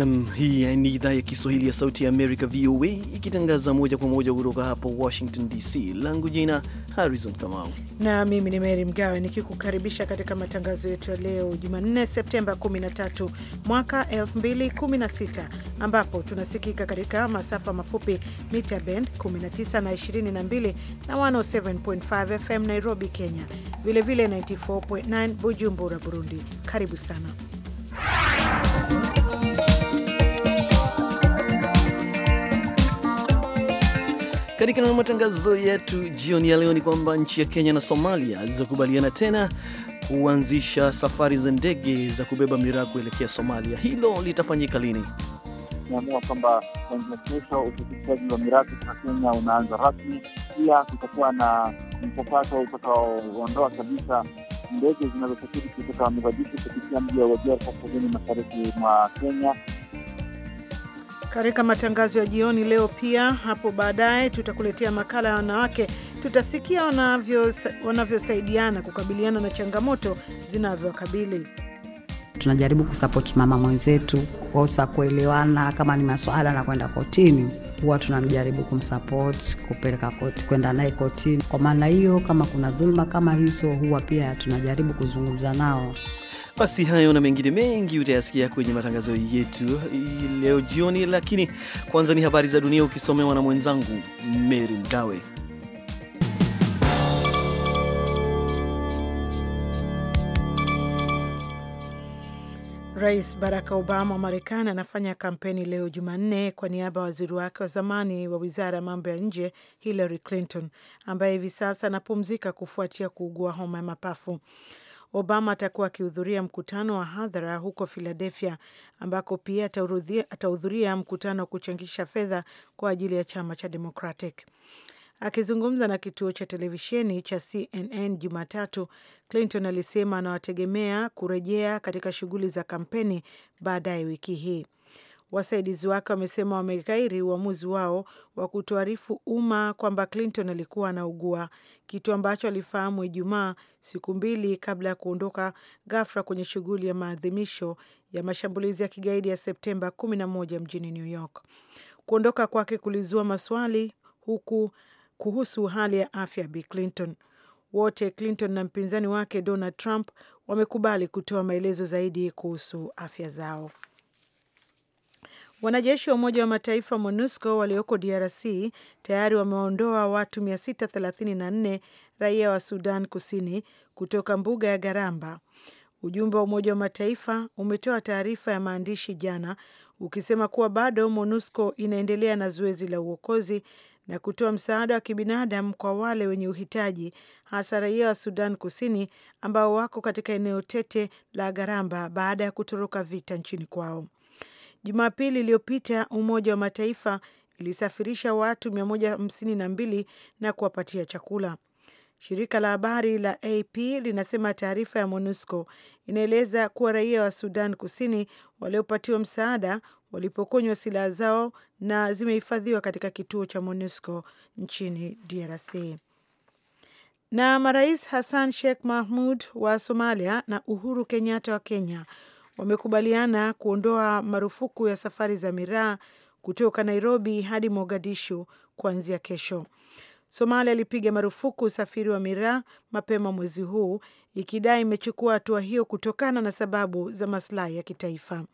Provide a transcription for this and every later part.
Nam, hii ni idhaa ya Kiswahili ya Sauti ya Amerika, VOA, ikitangaza moja kwa moja kutoka hapa Washington DC. Langu jina Harrison Kamau na mimi ni Mary Mgawe nikikukaribisha katika matangazo yetu ya leo Jumanne, Septemba 13 mwaka 2016, ambapo tunasikika katika masafa mafupi mita band 19 na 22 na 107.5 FM Nairobi, Kenya, vilevile 94.9 Bujumbura, Burundi. Karibu sana katika matangazo yetu jioni ya leo ni kwamba nchi ya Kenya na Somalia zilizokubaliana tena kuanzisha safari za ndege za kubeba miraa kuelekea Somalia. Hilo litafanyika lini? Tumeamua kwamba kuanzia kesho usafirishaji wa miraa kutoka Kenya unaanza rasmi. Pia kutakuwa na mkopato utakaoondoa kabisa ndege zinazosafiri kutoka Mogadishu kupitia mji wa Wajir kaskazini mashariki mwa Kenya katika matangazo ya jioni leo pia, hapo baadaye tutakuletea makala ya wanawake, tutasikia wanavyosaidiana wanavyo kukabiliana na changamoto zinavyowakabili. Tunajaribu kusapoti mama mwenzetu kukosa kuelewana, kama ni maswala na kwenda kotini, huwa tunamjaribu kumsapoti kupeleka koti, kwenda naye kotini. Kwa maana hiyo, kama kuna dhuluma kama hizo, huwa pia tunajaribu kuzungumza nao. Basi hayo na mengine mengi utayasikia kwenye matangazo yetu leo jioni, lakini kwanza ni habari za dunia ukisomewa na mwenzangu Meri Mgawe. Rais Barack Obama wa Marekani anafanya kampeni leo Jumanne kwa niaba ya waziri wake wa zamani wa wizara ya mambo ya nje Hillary Clinton ambaye hivi sasa anapumzika kufuatia kuugua homa ya mapafu. Obama atakuwa akihudhuria mkutano wa hadhara huko Philadelphia, ambako pia atahudhuria mkutano wa kuchangisha fedha kwa ajili ya chama cha Democratic. Akizungumza na kituo cha televisheni cha CNN Jumatatu, Clinton alisema anawategemea kurejea katika shughuli za kampeni baadaye wiki hii. Wasaidizi wake wamesema wameghairi uamuzi wao wa kutoarifu umma kwamba Clinton alikuwa anaugua, kitu ambacho alifahamu Ijumaa, siku mbili kabla ya kuondoka ghafla kwenye shughuli ya maadhimisho ya mashambulizi ya kigaidi ya Septemba 11 mjini New York. Kuondoka kwake kulizua maswali huku kuhusu hali ya afya Bi Clinton. Wote Clinton na mpinzani wake Donald Trump wamekubali kutoa maelezo zaidi kuhusu afya zao. Wanajeshi wa Umoja wa Mataifa MONUSCO walioko DRC tayari wameondoa watu 634 raia wa Sudan Kusini kutoka mbuga ya Garamba. Ujumbe wa Umoja wa Mataifa umetoa taarifa ya maandishi jana ukisema kuwa bado MONUSCO inaendelea na zoezi la uokozi na kutoa msaada wa kibinadamu kwa wale wenye uhitaji, hasa raia wa Sudan Kusini ambao wako katika eneo tete la Garamba baada ya kutoroka vita nchini kwao. Jumapili iliyopita Umoja wa Mataifa ilisafirisha watu 152 na kuwapatia chakula. Shirika la habari la AP linasema taarifa ya MONUSCO inaeleza kuwa raia wa Sudan Kusini waliopatiwa msaada walipokonywa silaha zao na zimehifadhiwa katika kituo cha MONUSCO nchini DRC. Na marais Hassan Sheikh Mahmud wa Somalia na Uhuru Kenyatta wa Kenya wamekubaliana kuondoa marufuku ya safari za miraa kutoka Nairobi hadi Mogadishu kuanzia kesho. Somalia ilipiga marufuku usafiri wa miraa mapema mwezi huu ikidai imechukua hatua hiyo kutokana na sababu za masilahi ya kitaifa.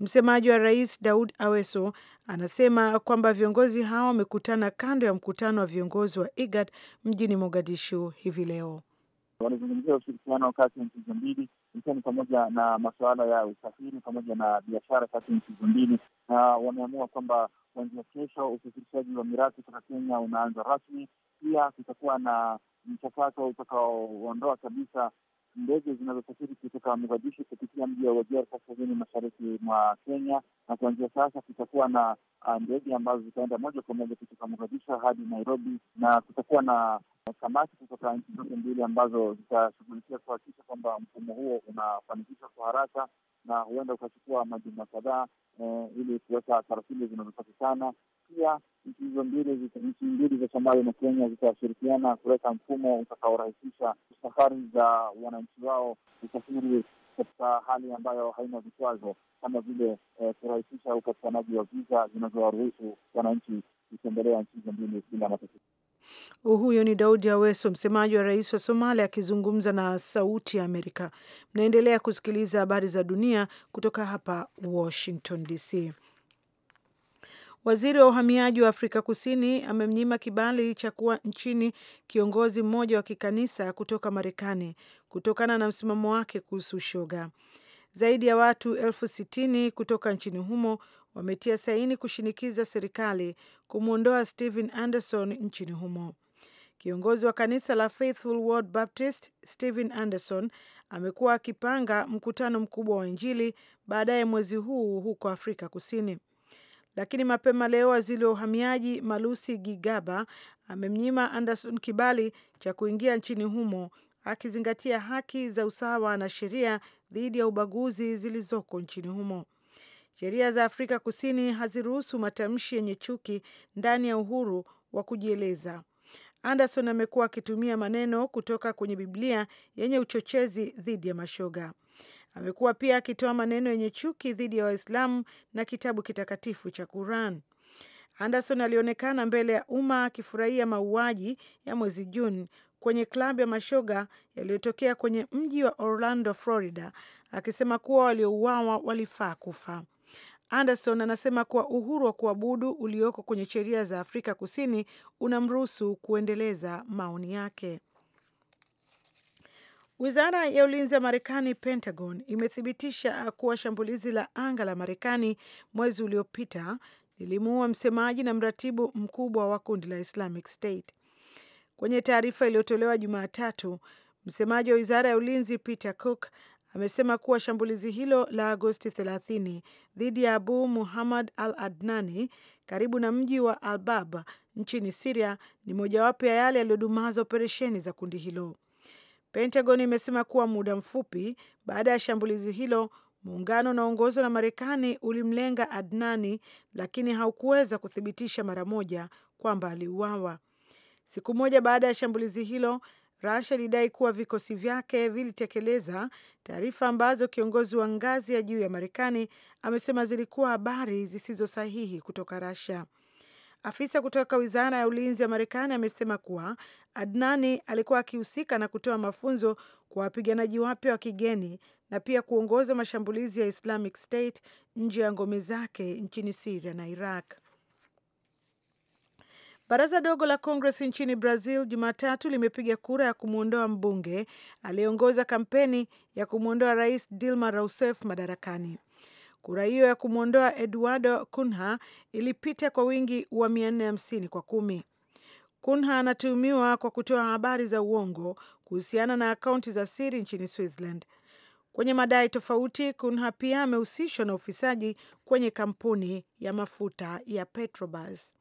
Msemaji wa rais Daud Aweso anasema kwamba viongozi hao wamekutana kando ya mkutano wa viongozi wa IGAD mjini Mogadishu hivi leo. Walizungumzia ushirikiano kati ya nchi hizo mbili ikiwa ni pamoja na masuala ya usafiri pamoja na biashara kati ya nchi hizo mbili, na wameamua kwamba kuanzia kesho usafirishaji wa mirathi kutoka Kenya unaanza rasmi. Pia kutakuwa na mchakato utakaoondoa kabisa ndege zinazosafiri kutoka Mogadishu kupitia mji wa Wajir kaskazini mashariki mwa Kenya, na kuanzia sasa kutakuwa na ah, ndege ambazo zitaenda moja kwa moja kutoka Mogadishu hadi Nairobi, na kutakuwa na kamati kutoka nchi zote mbili ambazo zitashughulikia kuhakikisha kwamba mfumo huo unafanikishwa kwa haraka na huenda ukachukua majuma kadhaa eh, ili kuweka taratibu zinazopatikana. Pia nchi hizo mbili, nchi mbili za Somali na Kenya zitashirikiana kuweka mfumo utakaorahisisha safari za wananchi wao kusafiri katika hali ambayo haina vikwazo, kama vile eh, kurahisisha upatikanaji wa viza zinazowaruhusu wananchi kutembelea nchi hizo mbili bila matatizo. Huyo ni Daudi Aweso, msemaji wa rais wa Somalia, akizungumza na Sauti ya Amerika. Mnaendelea kusikiliza habari za dunia kutoka hapa Washington DC. Waziri wa uhamiaji wa Afrika Kusini amemnyima kibali cha kuwa nchini kiongozi mmoja wa kikanisa kutoka Marekani kutokana na msimamo wake kuhusu shoga. Zaidi ya watu elfu sitini kutoka nchini humo wametia saini kushinikiza serikali kumwondoa Stephen Anderson nchini humo. Kiongozi wa kanisa la Faithful Word Baptist Stephen Anderson amekuwa akipanga mkutano mkubwa wa Injili baadaye mwezi huu huko Afrika Kusini, lakini mapema leo waziri wa uhamiaji Malusi Gigaba amemnyima Anderson kibali cha kuingia nchini humo akizingatia haki za usawa na sheria dhidi ya ubaguzi zilizoko nchini humo. Sheria za Afrika Kusini haziruhusu matamshi yenye chuki ndani ya uhuru wa kujieleza. Anderson amekuwa akitumia maneno kutoka kwenye Biblia yenye uchochezi dhidi ya mashoga. Amekuwa pia akitoa maneno yenye chuki dhidi ya Waislamu na kitabu kitakatifu cha Quran. Anderson alionekana mbele ya umma akifurahia mauaji ya mwezi Juni kwenye klabu ya mashoga yaliyotokea kwenye mji wa Orlando, Florida, akisema kuwa waliouawa walifaa kufa. Anderson anasema kuwa uhuru wa kuabudu ulioko kwenye sheria za Afrika Kusini unamruhusu kuendeleza maoni yake. Wizara ya ulinzi ya Marekani, Pentagon, imethibitisha kuwa shambulizi la anga la Marekani mwezi uliopita lilimuua msemaji na mratibu mkubwa wa kundi la Islamic State. Kwenye taarifa iliyotolewa Jumatatu, msemaji wa wizara ya ulinzi Peter Cook amesema kuwa shambulizi hilo la Agosti 30 dhidi ya Abu Muhammad al Adnani karibu na mji wa Albab nchini Siria ni mojawapo ya yale yaliyodumaza operesheni za kundi hilo. Pentagon imesema kuwa muda mfupi baada ya shambulizi hilo muungano unaoongozwa na Marekani ulimlenga Adnani, lakini haukuweza kuthibitisha mara moja kwamba aliuawa. Siku moja baada ya shambulizi hilo, Russia ilidai kuwa vikosi vyake vilitekeleza taarifa ambazo kiongozi wa ngazi ya juu ya Marekani amesema zilikuwa habari zisizo sahihi kutoka Russia. Afisa kutoka wizara ya ulinzi ya Marekani amesema kuwa Adnani alikuwa akihusika na kutoa mafunzo kwa wapiganaji wapya wa kigeni na pia kuongoza mashambulizi ya Islamic State nje ya ngome zake nchini Siria na Iraq. Baraza dogo la kongres nchini Brazil Jumatatu limepiga kura ya kumwondoa mbunge aliyeongoza kampeni ya kumwondoa Rais Dilma Rousseff madarakani. Kura hiyo ya kumwondoa Eduardo Cunha ilipita kwa wingi wa 450 kwa kumi. Cunha anatuhumiwa kwa kutoa habari za uongo kuhusiana na akaunti za siri nchini Switzerland. Kwenye madai tofauti, Cunha pia amehusishwa na ufisaji kwenye kampuni ya mafuta ya Petrobras.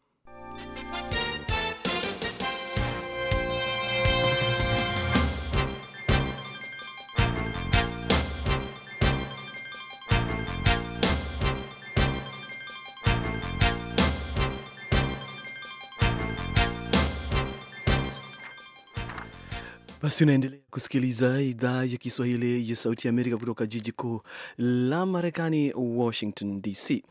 Basi unaendelea kusikiliza idhaa ya Kiswahili ya Sauti ya Amerika kutoka jiji kuu la Marekani, Washington DC.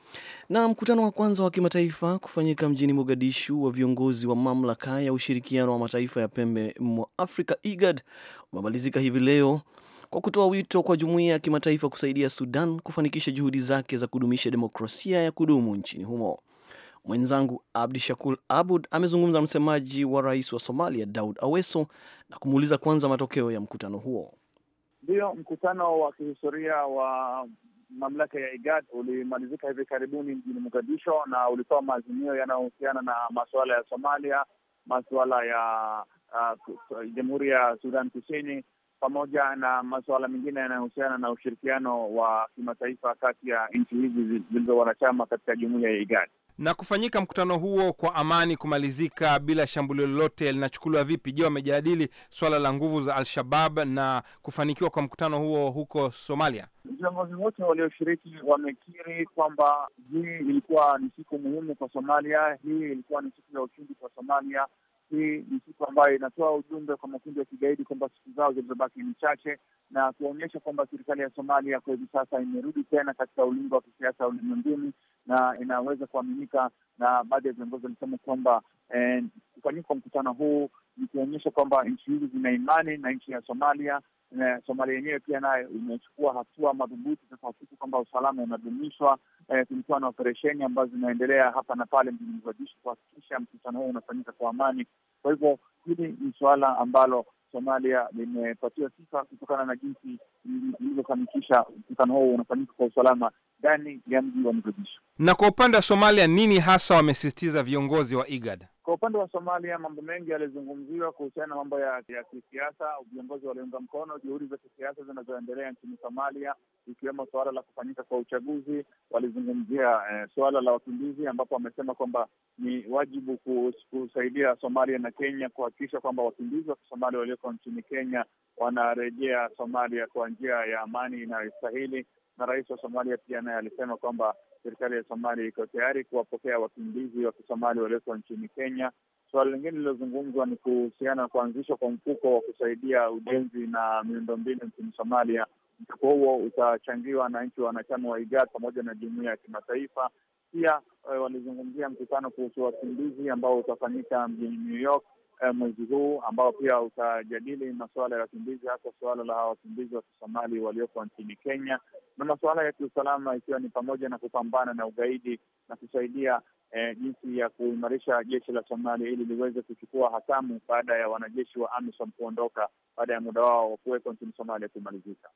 Na mkutano wa kwanza wa kimataifa kufanyika mjini Mogadishu wa viongozi wa mamlaka ya ushirikiano wa mataifa ya pembe mwa Afrika, IGAD, umemalizika hivi leo kwa kutoa wito kwa jumuiya ya kimataifa kusaidia Sudan kufanikisha juhudi zake za kudumisha demokrasia ya kudumu nchini humo. Mwenzangu Abdi Shakur Abud amezungumza na msemaji wa rais wa Somalia Daud Aweso na kumuuliza kwanza matokeo ya mkutano huo. Ndiyo, mkutano wa kihistoria wa mamlaka ya IGAD ulimalizika hivi karibuni mjini Mogadisho na ulitoa maazimio yanayohusiana na masuala ya Somalia, masuala ya uh, jamhuri ya Sudan Kusini pamoja na masuala mengine yanayohusiana na ushirikiano wa kimataifa kati ya nchi hizi zilizo wanachama katika jumuiya ya IGAD. Na kufanyika mkutano huo kwa amani kumalizika bila shambulio lolote linachukuliwa vipi? Je, wamejadili swala la nguvu za Al-Shabab na kufanikiwa kwa mkutano huo huko Somalia? Viongozi wote walioshiriki wamekiri kwamba hii ilikuwa ni siku muhimu kwa Somalia, hii ilikuwa ni siku ya ushindi kwa Somalia, hii ni siku ambayo inatoa ujumbe kwa makundi ya kigaidi kwamba siku zao zilizobaki ni chache na kuonyesha kwamba serikali ya Somalia kwa hivi sasa imerudi tena katika ulingo wa kisiasa ulimwenguni na inaweza kuaminika. Na baadhi ya viongozi walisema kwamba eh, kufanyika kwa mkutano huu ni kuonyesha kwamba nchi hizi zina imani na nchi ya Somalia Somalia yenyewe pia naye imechukua hatua madhubuti za kuhakikisha kwamba usalama unadumishwa. Eh, kulikuwa na operesheni ambazo zinaendelea hapa na pale mjini Mogadishu kuhakikisha mkutano huo unafanyika kwa amani. Kwa hivyo hili ni suala ambalo Somalia limepatiwa sifa kutokana na jinsi ilivyofanikisha mkutano huo unafanyika kwa usalama ndani ya mji wa Mogadishu. Na kwa upande wa Somalia, nini hasa wamesisitiza viongozi wa IGAD? Kwa upande wa Somalia, mambo mengi yalizungumziwa kuhusiana na mambo ya, ya kisiasa. Viongozi waliunga mkono juhudi za kisiasa zinazoendelea nchini Somalia, ikiwemo suala la kufanyika kwa uchaguzi. Walizungumzia eh, suala la wakimbizi, ambapo wamesema kwamba ni wajibu kusaidia Somalia na Kenya kuhakikisha kwamba wakimbizi wa kisomalia walioko nchini Kenya wanarejea Somalia kwa njia ya amani inayostahili. Na rais wa Somalia pia naye alisema kwamba serikali ya Somalia iko tayari kuwapokea wakimbizi wa kisomali walioko nchini Kenya. Suala lingine lililozungumzwa ni kuhusiana na kuanzishwa kwa mfuko wa kusaidia ujenzi na miundombinu nchini Somalia. Mfuko huo utachangiwa na nchi wanachama wa IGAD pamoja na jumuia ya kimataifa. Pia eh, walizungumzia mkutano kuhusu wakimbizi ambao utafanyika mjini New York Eh, mwezi huu ambao pia utajadili masuala ya wakimbizi, hasa suala la wakimbizi wa kisomali walioko nchini Kenya na masuala ya kiusalama, ikiwa ni pamoja na kupambana na ugaidi na kusaidia eh, jinsi ya kuimarisha jeshi la Somali ili liweze kuchukua hatamu baada ya wanajeshi wa AMISOM kuondoka baada ya muda wao wa kuwekwa nchini Somalia kumalizika.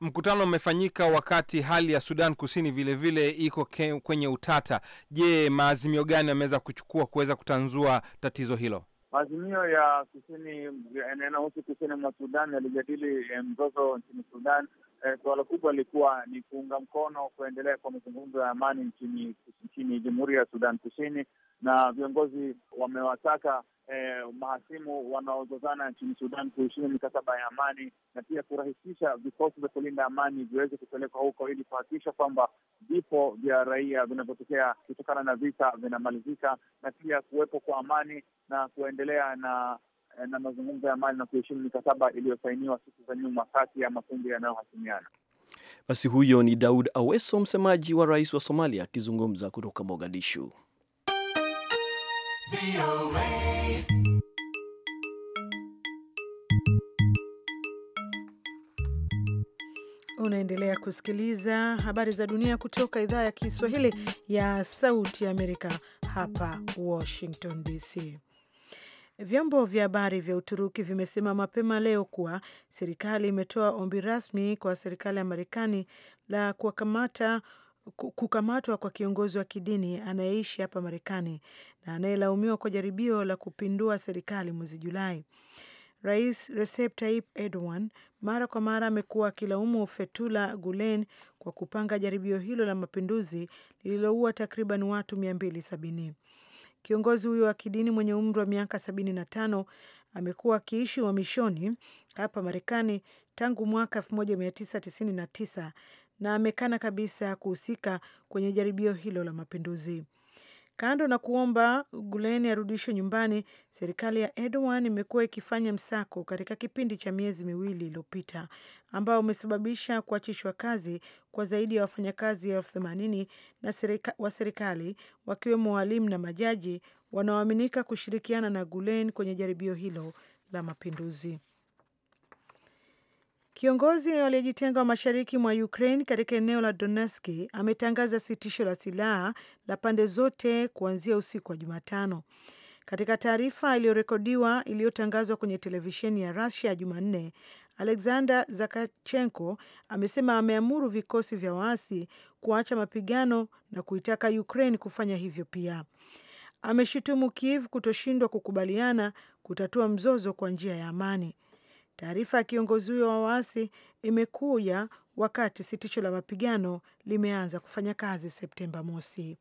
Mkutano umefanyika wakati hali ya Sudan Kusini vilevile vile iko kwenye utata. Je, maazimio gani yameweza kuchukua kuweza kutanzua tatizo hilo? Maazimio ya kusini yanayohusu kusini mwa Sudan yalijadili eh, mzozo nchini Sudan Eh, suala kubwa ilikuwa ni kuunga mkono kuendelea kwa mazungumzo ya amani nchini nchini Jamhuri ya Sudan Kusini, na viongozi wamewataka eh, mahasimu wanaozozana nchini Sudan kuheshimu mikataba ya amani na pia kurahisisha vikosi vya kulinda amani viweze kupelekwa huko ili kuhakikisha kwamba vifo vya raia vinavyotokea kutokana na vita vinamalizika, na pia kuwepo kwa amani na kuendelea na Eh, na mazungumzo ya amani na kuheshimu mikataba iliyosainiwa siku za nyuma kati ya makundi yanayohasimiana. Basi huyo ni Daud Aweso, msemaji wa rais wa Somalia, akizungumza kutoka Mogadishu. Unaendelea kusikiliza habari za dunia kutoka idhaa ya Kiswahili ya Sauti ya Amerika, hapa Washington DC. Vyombo vya habari vya Uturuki vimesema mapema leo kuwa serikali imetoa ombi rasmi kwa serikali ya Marekani la kuwakamata kukamatwa kwa kiongozi wa kidini anayeishi hapa Marekani na anayelaumiwa kwa jaribio la kupindua serikali mwezi Julai. Rais Recep Tayyip Erdogan mara kwa mara amekuwa akilaumu Fethullah Gulen kwa kupanga jaribio hilo la mapinduzi lililoua takriban watu sabini Kiongozi huyo wa kidini mwenye umri wa miaka tano amekuwa akiishi uhamishoni hapa Marekani tangu mwaka 1999 na amekana kabisa kuhusika kwenye jaribio hilo la mapinduzi. Kando na kuomba Gulen arudishwe nyumbani, serikali ya Erdogan imekuwa ikifanya msako katika kipindi cha miezi miwili iliyopita, ambao umesababisha kuachishwa kazi kwa zaidi ya wafanyakazi elfu themanini na wa serikali, wakiwemo walimu na majaji wanaoaminika kushirikiana na Gulen kwenye jaribio hilo la mapinduzi. Kiongozi aliyejitenga wa mashariki mwa Ukraine katika eneo la Donetsk ametangaza sitisho la silaha la pande zote kuanzia usiku wa Jumatano. Katika taarifa iliyorekodiwa iliyotangazwa kwenye televisheni ya rasia Jumanne, Alexander Zakachenko amesema ameamuru vikosi vya waasi kuacha mapigano na kuitaka Ukraine kufanya hivyo pia. Ameshutumu Kiev kutoshindwa kukubaliana kutatua mzozo kwa njia ya amani. Taarifa ya kiongozi huyo wa waasi imekuja wakati sitisho la mapigano limeanza kufanya kazi Septemba mosi.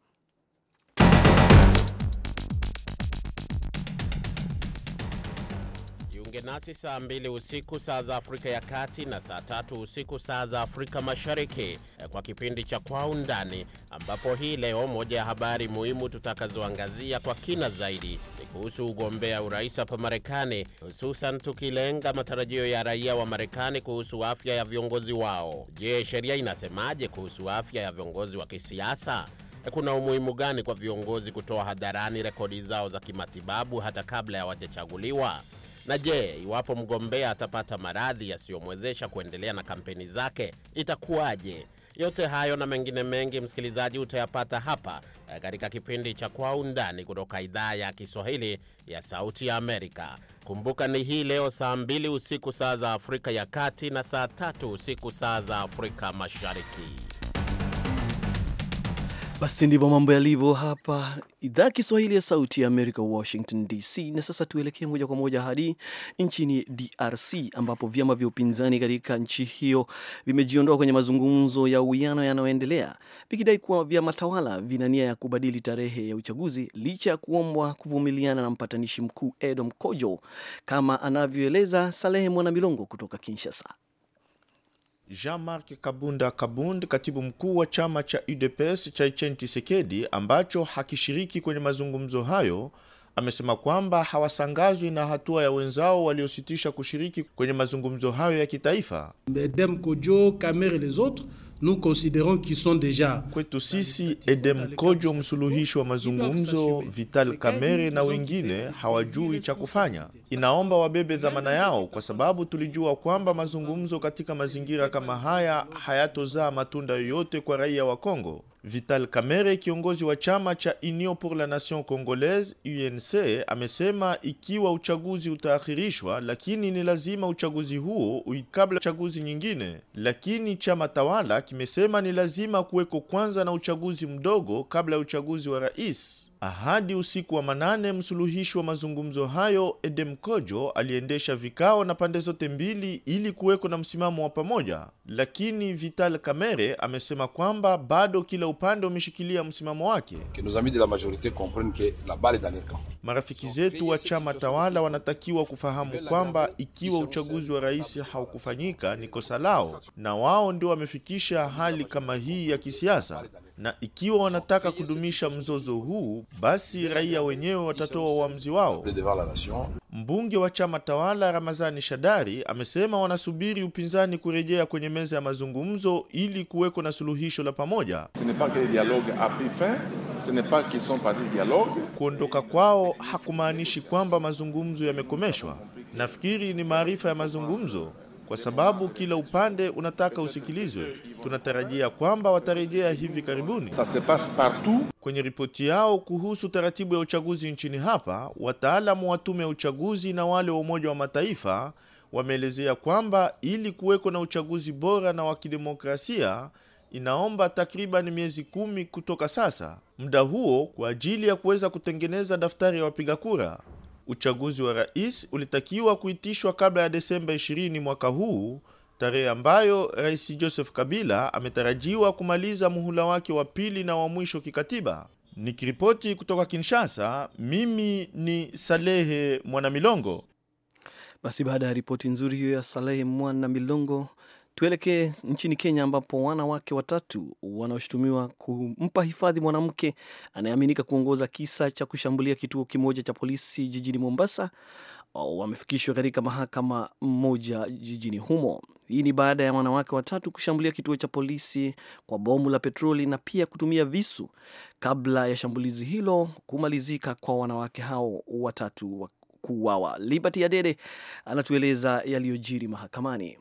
Jiunge nasi saa mbili usiku saa za Afrika ya Kati na saa tatu usiku saa za Afrika Mashariki eh, kwa kipindi cha Kwa Undani, ambapo hii leo moja ya habari muhimu tutakazoangazia kwa kina zaidi ni kuhusu ugombea urais hapa Marekani, hususan tukilenga matarajio ya raia wa Marekani kuhusu afya ya viongozi wao. Je, sheria inasemaje kuhusu afya ya viongozi wa kisiasa? Eh, kuna umuhimu gani kwa viongozi kutoa hadharani rekodi zao za kimatibabu hata kabla ya wajachaguliwa? Na je, iwapo mgombea atapata maradhi yasiyomwezesha kuendelea na kampeni zake itakuwaje? Yote hayo na mengine mengi, msikilizaji, utayapata hapa eh, katika kipindi cha Kwa Undani kutoka idhaa ya Kiswahili ya Sauti ya Amerika. Kumbuka ni hii leo saa mbili usiku saa za Afrika ya Kati na saa tatu usiku saa za Afrika Mashariki. Basi ndivyo mambo yalivyo hapa idhaa Kiswahili ya Sauti ya Amerika, Washington DC. Na sasa tuelekee moja kwa moja hadi nchini DRC ambapo vyama vya upinzani katika nchi hiyo vimejiondoa kwenye mazungumzo ya uwiano yanayoendelea vikidai kuwa vyama tawala vina nia ya kubadili tarehe ya uchaguzi licha ya kuombwa kuvumiliana na mpatanishi mkuu Edom Kojo, kama anavyoeleza Salehe Mwanamilongo kutoka Kinshasa. Jean-Marc Kabunda Kabund, katibu mkuu wa chama cha UDPS cha Etienne Tshisekedi ambacho hakishiriki kwenye mazungumzo hayo, amesema kwamba hawasangazwi na hatua ya wenzao waliositisha kushiriki kwenye mazungumzo hayo ya kitaifa. Madame Kodjo, Kamere, les autres nous considérons qu'ils sont déjà Kwetu sisi Edem Kojo, msuluhishi wa mazungumzo, Vital Kamerhe na wengine hawajui cha kufanya. Inaomba wabebe dhamana yao, kwa sababu tulijua kwamba mazungumzo katika mazingira kama haya hayatozaa matunda yoyote kwa raia wa Kongo. Vital Kamerhe, kiongozi wa chama cha Union pour la Nation Congolaise UNC, amesema ikiwa uchaguzi utaahirishwa, lakini ni lazima uchaguzi huo kabla chaguzi nyingine. Lakini chama tawala kimesema ni lazima kuweko kwanza na uchaguzi mdogo kabla ya uchaguzi wa rais. Hadi usiku wa manane, msuluhishi wa mazungumzo hayo Edem Kojo aliendesha vikao na pande zote mbili ili kuweko na msimamo wa pamoja, lakini Vital Kamerhe amesema kwamba bado kila upande umeshikilia msimamo wake. Marafiki zetu wa chama tawala wanatakiwa kufahamu kwamba ikiwa uchaguzi wa rais haukufanyika ni kosa lao, na wao ndio wamefikisha hali kama hii ya kisiasa na ikiwa wanataka kudumisha mzozo huu, basi raia wenyewe watatoa uamuzi wao. Mbunge wa chama tawala Ramazani Shadari amesema wanasubiri upinzani kurejea kwenye meza ya mazungumzo ili kuweko na suluhisho la pamoja. Kuondoka kwao hakumaanishi kwamba mazungumzo yamekomeshwa. Nafikiri ni maarifa ya mazungumzo kwa sababu kila upande unataka usikilizwe. Tunatarajia kwamba watarejea hivi karibuni. Kwenye ripoti yao kuhusu taratibu ya uchaguzi nchini hapa, wataalamu wa tume ya uchaguzi na wale wa Umoja wa Mataifa wameelezea kwamba ili kuweko na uchaguzi bora na wa kidemokrasia inaomba takriban miezi kumi kutoka sasa, muda huo kwa ajili ya kuweza kutengeneza daftari ya wapiga kura uchaguzi wa rais ulitakiwa kuitishwa kabla ya Desemba 20 mwaka huu, tarehe ambayo Rais Joseph Kabila ametarajiwa kumaliza muhula wake wa pili na wa mwisho kikatiba. Nikiripoti kutoka Kinshasa, mimi ni Salehe Mwanamilongo. Basi baada ya ripoti nzuri hiyo ya Salehe Mwana Milongo, Tuelekee nchini Kenya ambapo wanawake watatu wanaoshutumiwa kumpa hifadhi mwanamke anayeaminika kuongoza kisa cha kushambulia kituo kimoja cha polisi jijini Mombasa oh, wamefikishwa katika mahakama moja jijini humo. Hii ni baada ya wanawake watatu kushambulia kituo cha polisi kwa bomu la petroli na pia kutumia visu kabla ya shambulizi hilo kumalizika kwa wanawake hao watatu kuuawa. Liberty Adede anatueleza yaliyojiri mahakamani.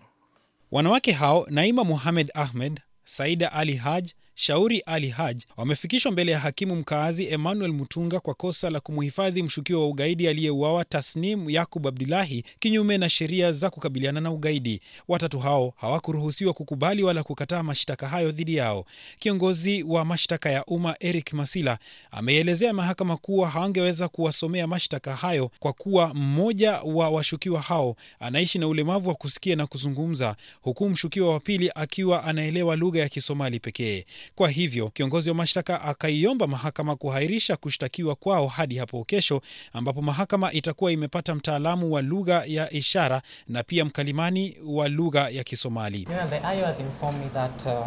Wanawake hao Naima Muhamed Ahmed, Saida Ali Haj, Shauri Ali haj wamefikishwa mbele ya hakimu mkaazi Emmanuel Mutunga kwa kosa la kumhifadhi mshukiwa wa ugaidi aliyeuawa Tasnim Yakub Abdulahi kinyume na sheria za kukabiliana na ugaidi. Watatu hao hawakuruhusiwa kukubali wala kukataa mashtaka hayo dhidi yao. Kiongozi wa mashtaka ya umma Eric Masila ameelezea mahakama kuwa hawangeweza kuwasomea mashtaka hayo kwa kuwa mmoja wa washukiwa hao anaishi na ulemavu wa kusikia na kuzungumza, huku mshukiwa wa pili akiwa anaelewa lugha ya Kisomali pekee. Kwa hivyo kiongozi wa mashtaka akaiomba mahakama kuhairisha kushtakiwa kwao hadi hapo kesho, ambapo mahakama itakuwa imepata mtaalamu wa lugha ya ishara na pia mkalimani wa lugha ya Kisomali. Uh,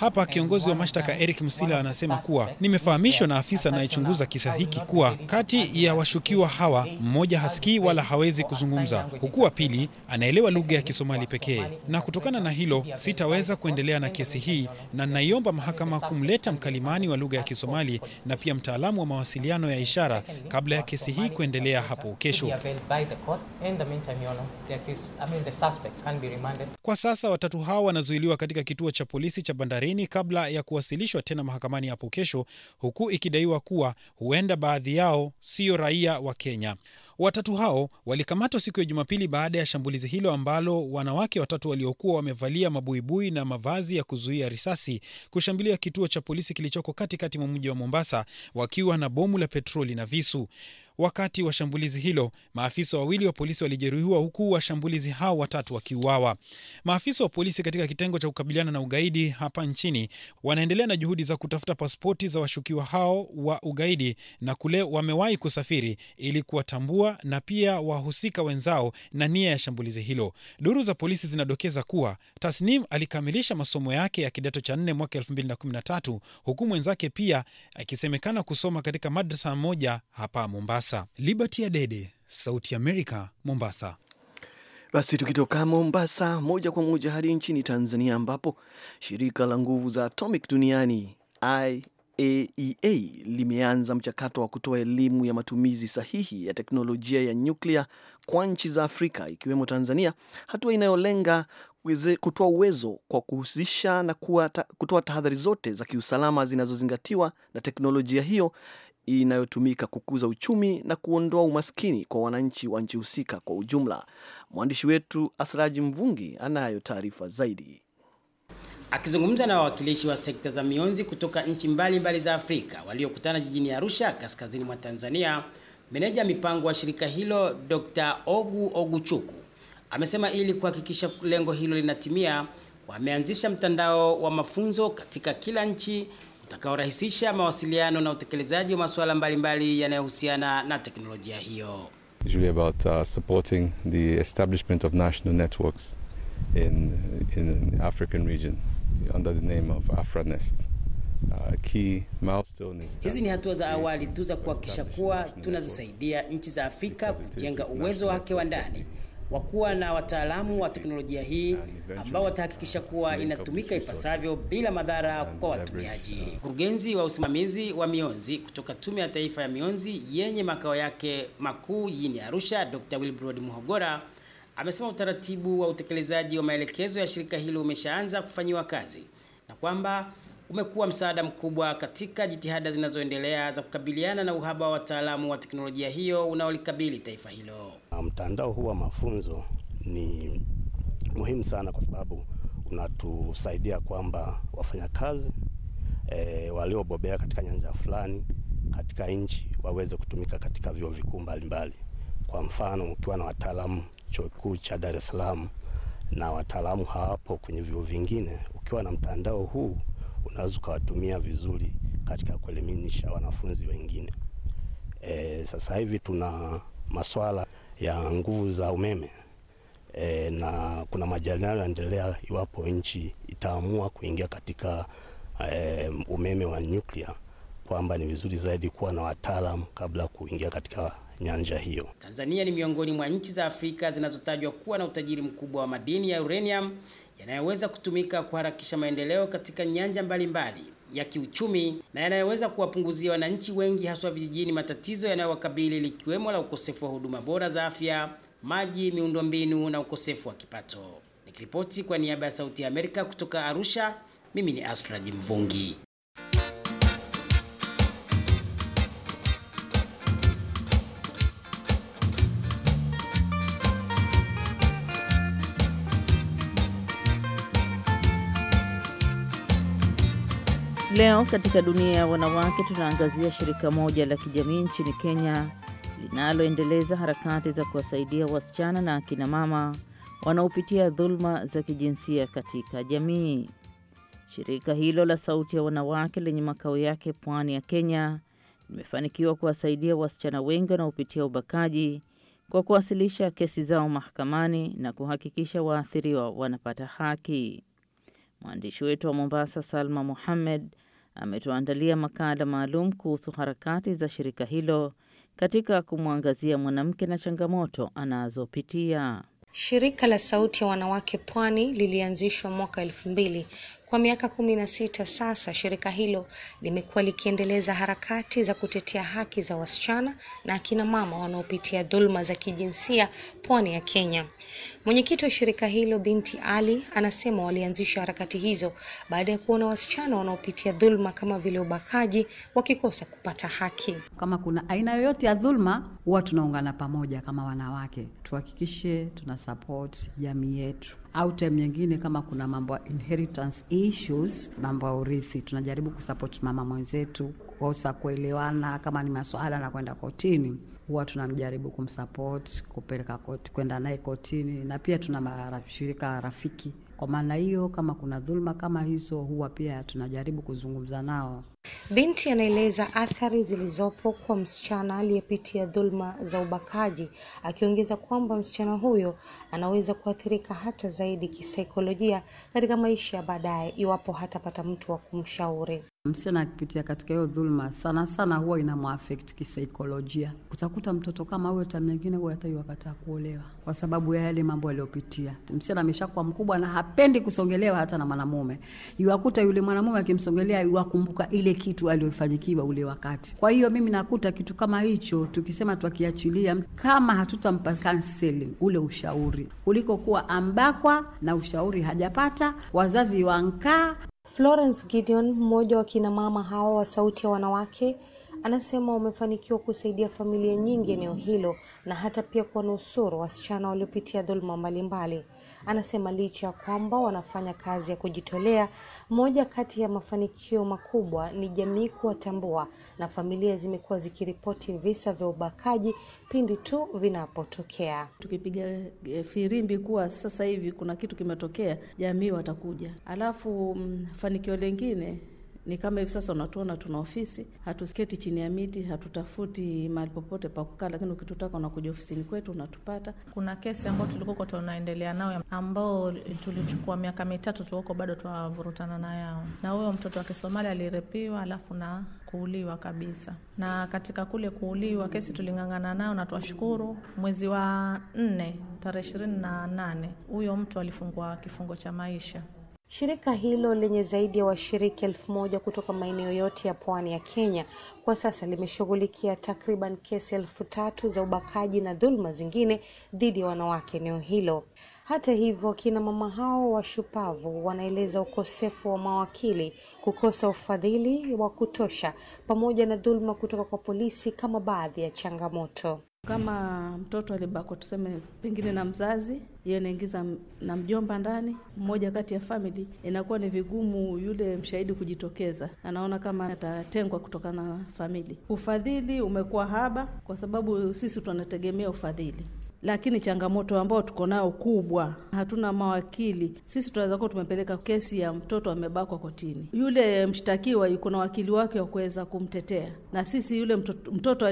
Hapa kiongozi wa mashtaka Eric Msila anasema kuwa nimefahamishwa na afisa anayechunguza kisa hiki kuwa kati ya washukiwa hawa mmoja hasikii wala hawezi kuzungumza, huku wa pili anaelewa lugha ya Kisomali pekee, na kutokana na hilo sita tutaweza kuendelea na kesi hii na naiomba mahakama kumleta mkalimani wa lugha ya Kisomali na pia mtaalamu wa mawasiliano ya ishara kabla ya kesi hii kuendelea hapo kesho. Kwa sasa watatu hao wanazuiliwa katika kituo cha polisi cha bandarini kabla ya kuwasilishwa tena mahakamani hapo kesho, huku ikidaiwa kuwa huenda baadhi yao siyo raia wa Kenya. Watatu hao walikamatwa siku ya Jumapili baada ya shambulizi hilo ambalo wanawake watatu waliokuwa wamevalia mabuibui na mavazi ya kuzuia risasi kushambulia kituo cha polisi kilichoko katikati mwa mji wa Mombasa wakiwa na bomu la petroli na visu. Wakati wa shambulizi hilo, maafisa wawili wa polisi walijeruhiwa huku washambulizi hao watatu wakiuawa. Maafisa wa polisi katika kitengo cha kukabiliana na ugaidi hapa nchini wanaendelea na juhudi za kutafuta pasipoti za washukiwa hao wa ugaidi na kule wamewahi kusafiri ili kuwatambua na pia wahusika wenzao na nia ya shambulizi hilo. Duru za polisi zinadokeza kuwa Tasnim alikamilisha masomo yake ya kidato cha nne mwaka 2013 huku mwenzake pia akisemekana kusoma katika madrasa moja hapa Mombasa. Mombasa. Liberty Adede, Sauti Amerika, Mombasa. Basi tukitoka Mombasa moja kwa moja hadi nchini Tanzania, ambapo shirika la nguvu za atomic duniani IAEA e limeanza mchakato wa kutoa elimu ya matumizi sahihi ya teknolojia ya nyuklia kwa nchi za Afrika ikiwemo Tanzania, hatua inayolenga kutoa uwezo kwa kuhusisha na kutoa tahadhari zote za kiusalama zinazozingatiwa na teknolojia hiyo inayotumika kukuza uchumi na kuondoa umaskini kwa wananchi wa nchi husika kwa ujumla. Mwandishi wetu Asraji Mvungi anayo taarifa zaidi. Akizungumza na wawakilishi wa sekta za mionzi kutoka nchi mbalimbali za Afrika waliokutana jijini Arusha, kaskazini mwa Tanzania, meneja mipango wa shirika hilo Dr. Ogu Oguchuku amesema ili kuhakikisha lengo hilo linatimia, wameanzisha mtandao wa mafunzo katika kila nchi utakaorahisisha mawasiliano na utekelezaji wa masuala mbalimbali yanayohusiana na teknolojia hiyo. really about uh, supporting the establishment of national networks in, in an African region under the name of Afranest. Uh, hizi ni hatua za awali tu za kuhakikisha kuwa tunazisaidia nchi za Afrika kujenga uwezo wake wa ndani wa kuwa na wataalamu wa teknolojia hii ambao watahakikisha kuwa inatumika ipasavyo bila madhara kwa watumiaji. Mkurugenzi wa usimamizi wa mionzi kutoka Tume ya Taifa ya Mionzi yenye makao yake makuu jijini Arusha, Dr. Wilbrod Muhogora amesema utaratibu wa utekelezaji wa maelekezo ya shirika hilo umeshaanza kufanyiwa kazi na kwamba umekuwa msaada mkubwa katika jitihada zinazoendelea za kukabiliana na uhaba wa wataalamu wa teknolojia hiyo unaolikabili taifa hilo. Ah, mtandao huu wa mafunzo ni muhimu sana kwa sababu unatusaidia kwamba wafanyakazi e, waliobobea katika nyanja fulani katika nchi waweze kutumika katika vyuo vikuu mbalimbali. Kwa mfano, ukiwa na wataalamu chuo kikuu cha Dar es Salaam na wataalamu hawapo kwenye vyuo vingine, ukiwa na mtandao huu unaweza ukawatumia vizuri katika kuelimisha wanafunzi wengine. E, sasa hivi tuna maswala ya nguvu za umeme e, na kuna majadiliano yanaendelea iwapo nchi itaamua kuingia katika e, umeme wa nyuklia kwamba ni vizuri zaidi kuwa na wataalamu kabla kuingia katika nyanja hiyo. Tanzania ni miongoni mwa nchi za Afrika zinazotajwa kuwa na utajiri mkubwa wa madini ya uranium yanayoweza kutumika kuharakisha maendeleo katika nyanja mbalimbali mbali ya kiuchumi na yanayoweza kuwapunguzia wananchi wengi haswa vijijini matatizo yanayowakabili likiwemo la ukosefu wa huduma bora za afya, maji, miundombinu na ukosefu wa kipato. Nikiripoti kwa niaba ya Sauti ya Amerika kutoka Arusha, mimi ni Asrad Mvungi. Leo katika dunia ya wanawake tunaangazia shirika moja la kijamii nchini Kenya linaloendeleza harakati za kuwasaidia wasichana na akina mama wanaopitia dhuluma za kijinsia katika jamii. Shirika hilo la Sauti ya Wanawake lenye makao yake pwani ya Kenya limefanikiwa kuwasaidia wasichana wengi wanaopitia ubakaji kwa kuwasilisha kesi zao mahakamani na kuhakikisha waathiriwa wanapata haki. Mwandishi wetu wa Mombasa, Salma Muhammed, ametuandalia makala maalum kuhusu harakati za shirika hilo katika kumwangazia mwanamke na changamoto anazopitia. Shirika la Sauti ya Wanawake Pwani lilianzishwa mwaka elfu mbili. Kwa miaka kumi na sita sasa, shirika hilo limekuwa likiendeleza harakati za kutetea haki za wasichana na akina mama wanaopitia dhuluma za kijinsia pwani ya Kenya. Mwenyekiti wa shirika hilo Binti Ali anasema walianzisha harakati hizo baada ya kuona wasichana wanaopitia dhulma kama vile ubakaji wakikosa kupata haki. Kama kuna aina yoyote ya dhulma, huwa tunaungana pamoja kama wanawake, tuhakikishe tuna support jamii yetu au time nyingine kama kuna mambo ya inheritance issues, mambo ya urithi, tunajaribu kusupport mama mwenzetu, kukosa kuelewana kama ni masuala na kwenda kotini huwa tunamjaribu kumsapoti kupeleka kwenda naye kotini, na pia tuna mashirika rafiki. Kwa maana hiyo, kama kuna dhuluma kama hizo, huwa pia tunajaribu kuzungumza nao Binti anaeleza athari zilizopo kwa msichana aliyepitia dhulma za ubakaji, akiongeza kwamba msichana huyo anaweza kuathirika hata zaidi kisaikolojia katika maisha ya baadaye iwapo hatapata mtu wa kumshauri. Msichana akipitia katika hiyo dhulma sana sana huwa inamwafect kisaikolojia. Utakuta mtoto kama huyo tam nyingine huwa hata wakataa kuolewa kwa sababu ya yale mambo aliyopitia. Msichana ameshakuwa mkubwa na hapendi kusongelewa hata na mwanamume, iwakuta yule mwanamume akimsongelea, iwakumbuka ile kile kitu aliyofanyikiwa ule wakati. Kwa hiyo mimi nakuta kitu kama hicho tukisema twakiachilia, kama hatutampa counseling, ule ushauri kuliko kuwa ambakwa na ushauri hajapata, wazazi wankaa. Florence Gideon, mmoja wa kina mama hawa wa Sauti ya Wanawake, anasema wamefanikiwa kusaidia familia nyingi eneo hilo na hata pia kuwanusuru wasichana waliopitia dhuluma mbalimbali. Anasema licha ya kwamba wanafanya kazi ya kujitolea, moja kati ya mafanikio makubwa ni jamii kuwatambua na familia zimekuwa zikiripoti visa vya ubakaji pindi tu vinapotokea. Tukipiga e, firimbi kuwa sasa hivi kuna kitu kimetokea, jamii watakuja. Alafu mafanikio mm, lengine ni kama hivi sasa unatuona tuna ofisi, hatusketi chini ya miti, hatutafuti mahali popote pa kukaa, lakini ukitutaka unakuja ofisini kwetu unatupata. Kuna kesi ambayo tulikuwa tunaendelea nayo ambao tulichukua miaka mitatu tuliko bado twavurutana na yao, na huyo mtoto wa Kisomali alirepiwa alafu na kuuliwa kabisa. Na katika kule kuuliwa, kesi tuling'ang'ana nao na twashukuru, mwezi wa nne tarehe ishirini na nane huyo mtu alifungwa kifungo cha maisha. Shirika hilo lenye zaidi ya washiriki elfu moja kutoka maeneo yote ya pwani ya Kenya kwa sasa limeshughulikia takriban kesi elfu tatu za ubakaji na dhuluma zingine dhidi ya wanawake eneo hilo. Hata hivyo, kina mama hao washupavu wanaeleza ukosefu wa mawakili, kukosa ufadhili wa kutosha, pamoja na dhuluma kutoka kwa polisi kama baadhi ya changamoto. Kama mtoto alibakwa, tuseme pengine na mzazi hiyo inaingiza na mjomba ndani, mmoja kati ya famili, inakuwa ni vigumu yule mshahidi kujitokeza, anaona kama atatengwa kutokana na famili. Ufadhili umekuwa haba kwa sababu sisi tunategemea ufadhili lakini changamoto ambayo tuko nayo kubwa, hatuna mawakili. Sisi tunaweza kuwa tumepeleka kesi ya mtoto amebakwa kotini, yule mshtakiwa yuko na wakili wake wa kuweza kumtetea, na sisi yule mtoto, mtoto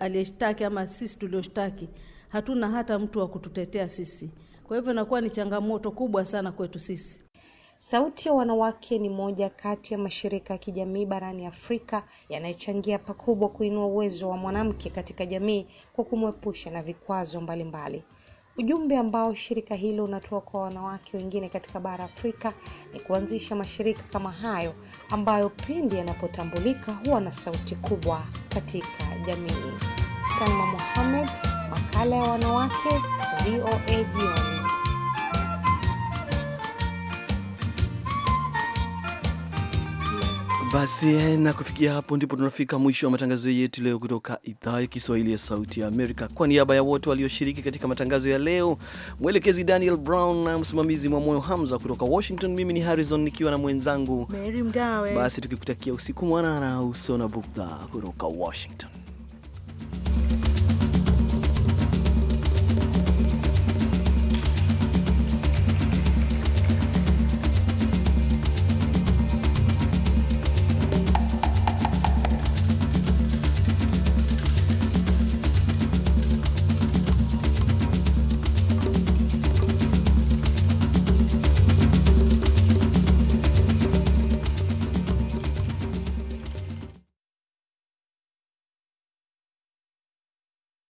aliyeshtaki ama sisi tulioshtaki hatuna hata mtu wa kututetea sisi. Kwa hivyo inakuwa ni changamoto kubwa sana kwetu sisi. Sauti ya Wanawake ni moja kati ya mashirika ya kijamii barani Afrika yanayochangia pakubwa kuinua uwezo wa mwanamke katika jamii kwa kumwepusha na vikwazo mbalimbali. Ujumbe ambao shirika hilo unatoa kwa wanawake wengine katika bara Afrika ni kuanzisha mashirika kama hayo ambayo pindi yanapotambulika huwa na sauti kubwa katika jamii. Salma Mohamed, makala ya wanawake, VOA jioni. Basi eh, na kufikia hapo ndipo tunafika mwisho wa matangazo yetu leo kutoka idhaa ya Kiswahili ya Sauti ya Amerika. Kwa niaba ya wote walioshiriki katika matangazo ya leo, mwelekezi Daniel Brown na msimamizi mwa moyo Hamza kutoka Washington, mimi ni Harrison nikiwa na mwenzangu Mgawe. Basi tukikutakia usiku mwanana, usona bukta kutoka Washington.